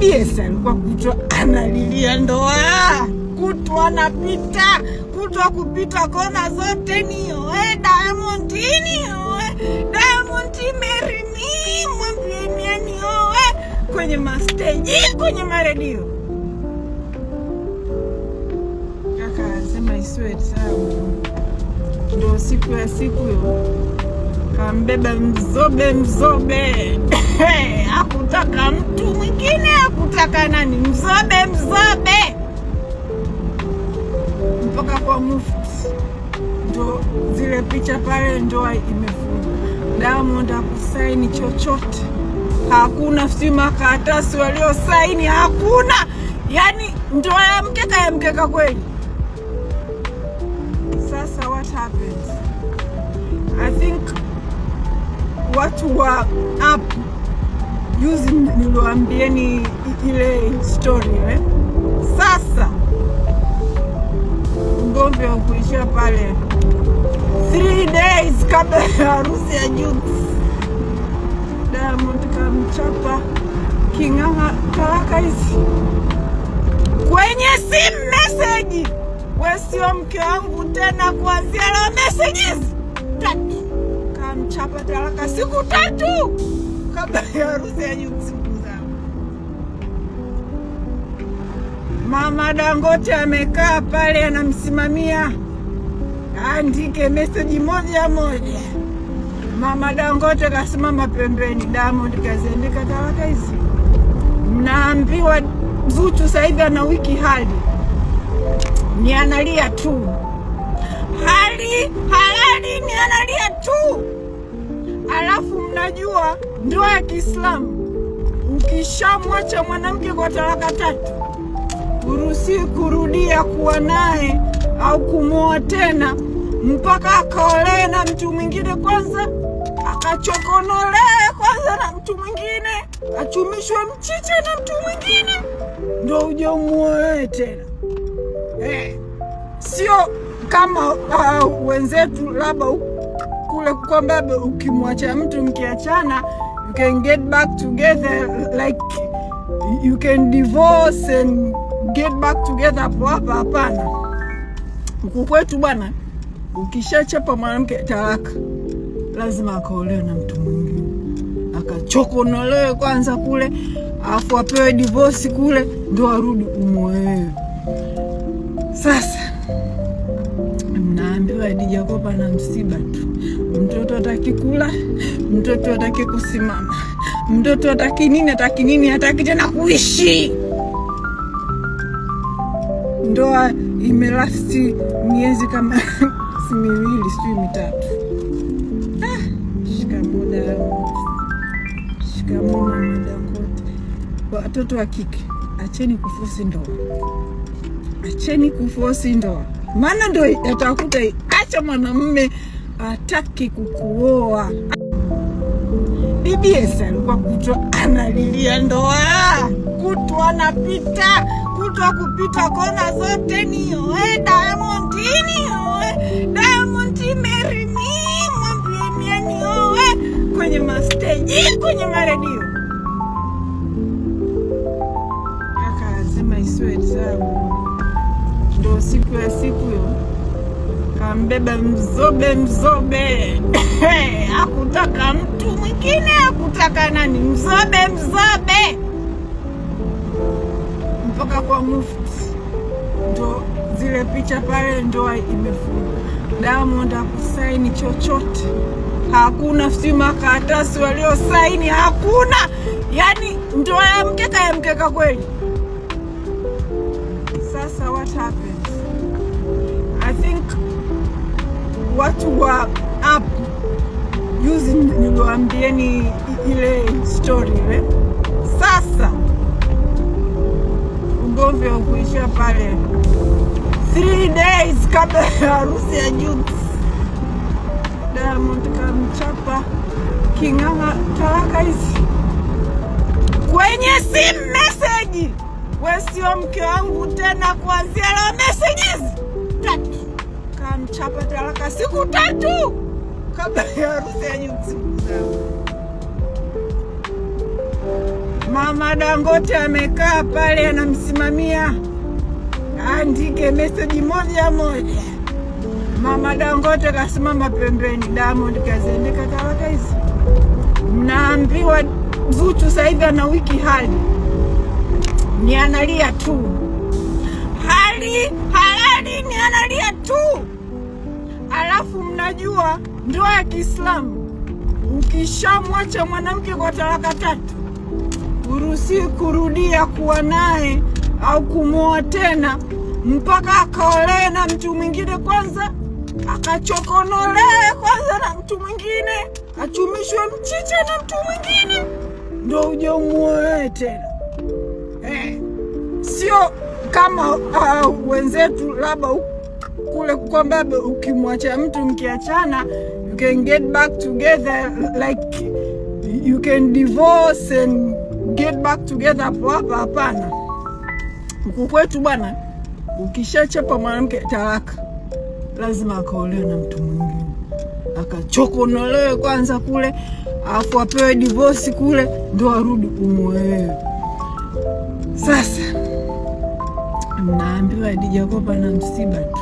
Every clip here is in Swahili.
Biesa alikuwa kutwa analilia ndoa, kutwa anapita, kutwa kupita kona zote, nioe Diamond, nioe Diamond, marry me, mwambienia nioe kwenye masteji, kwenye maredio. Kaka anasema isiwe tabu, ndo siku ya siku yo kambeba mzobe, mzobe hey, mtu mwingine, akutaka nani, mzobe mzobe mpaka kwa mufti, ndo zile picha pale, ndoa imefunga. Diamond hakusaini chochote, hakuna sijui makaratasi waliosaini, hakuna yani ndoa ya mkeka ya mkeka kweli. Sasa what happened? I think watu wa apu juzi niliwaambieni ile story eh? Sasa ugomvi kuishia pale 3 days kabla ya harusi ya Jux, Diamond kamchapa King'ang'a talaka hizi kwenye simu meseji, we sio mke wangu tena, kuanzia leo meseji hizi tatu, kamchapa talaka siku tatu kabla ya harusi ya Mama Dangote amekaa pale anamsimamia, andike meseji moja moja. Mama Dangote kasimama pembeni, Diamond kaziandika talaka hizi. Mnaambiwa Zuchu sasa hivi ana wiki hadi ni analia tu, hali halali ni analia tu, alafu mnajua ndoa ya Kiislamu, ukishamwacha mwanamke kwa talaka tatu, huruhusiwi kurudia kuwa naye au kumwoa tena mpaka akaolee na mtu mwingine kwanza, akachokonolee kwanza na mtu mwingine, achumishwe mchicha na mtu mwingine, ndo uje umwoe tena eh. Sio kama uh, wenzetu labda kule kwamba ukimwacha mtu mkiachana you can get back together like you can divorce and get back together hapo hapa. Hapana, huku kwetu bwana, ukishachapa mwanamke talaka, lazima akaolewe na mtu mwingine, akachokonolewe kwanza kule, afu apewe divorce kule, ndo arudi umwolewe. Sasa mnaambiwa Dija Kopa na msiba tu mtoto ataki kula, mtoto ataki kusimama, mtoto ataki nini, ataki nini, ataki tena kuishi. Ndoa imelasti miezi kama miwili sijui mitatu. Ah, Watoto wa kike, acheni kufosi ndoa, acheni kufosi ndoa, maana ndo atakuta acha mwanamume hataki kukuoa. Bibi Esa alikuwa kutwa analilia ndoa, kutwa anapita, kutwa kupita kona zote, nioe Diamond, nioe Diamond, Mary mbeba mzobe mzobe akutaka mtu mwingine akutaka nani, mzobe mzobe mpaka kwa mufti, ndo zile picha pale, ndoa imefunga. Diamond hakusaini chochote, hakuna sijui makaratasi waliosaini, hakuna yani ndoa ya mkeka ya mkeka kweli. Sasa what happened? I think watu wa app juzi niliwaambieni ile story ile. Eh? Sasa ugomvi wa kuisha pale 3 days kabla ya harusi ya Jux, Diamond kamchapa King'ang'a talaka hizi kwenye simu meseji, we sio mke wangu tena, kuanzia leo meseji hizi tatu anamchapa talaka siku tatu kabla ya harusi ya Mama Dangote amekaa pale anamsimamia, andike meseji moja moja. Mama Dangote kasimama pembeni, Diamond kaziandika talaka hizi. Mnaambiwa Zuchu sasa hivi ana wiki hali ni analia tu, hali halali ni analia tu alafu mnajua ndoa ya Kiislamu ukishamwacha mwanamke kwa talaka tatu, huruhusiwi kurudia kuwa naye au kumwoa tena mpaka akaolee na mtu mwingine kwanza, akachokonolee kwanza na mtu mwingine, achumishwe mchicha na mtu mwingine, ndo uje umwoe tena eh. Sio kama uh, wenzetu labda kule kwamba ukimwacha mtu mkiachana, you can get back together like you can divorce and get back together hapo hapa. Hapana, mkuu kwetu bwana, ukishachapa mwanamke talaka, lazima akaolewe na mtu mwingine, akachokonolewe kwanza kule, afu apewe divorce kule, ndo arudi kumwolewe. Sasa mnaambiwa Dija na msiba tu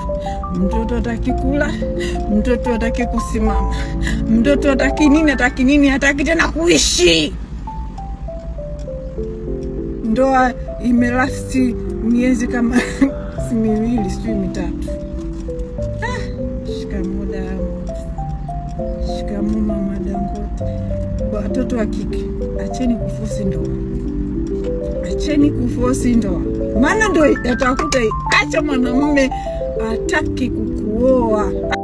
mtoto ataki kula, mtoto ataki kusimama, mtoto ataki nini, ataki nini, ataki tena kuishi. Ndoa imelasti miezi kama si miwili, sijui mitatu. Ah, shikamoo damu, shikamoo mama Dangote. Watoto wa kike, acheni kufosi ndoa, acheni kufosi ndoa, maana ndo yatakuta. Acha mwanamume hataki kukuoa.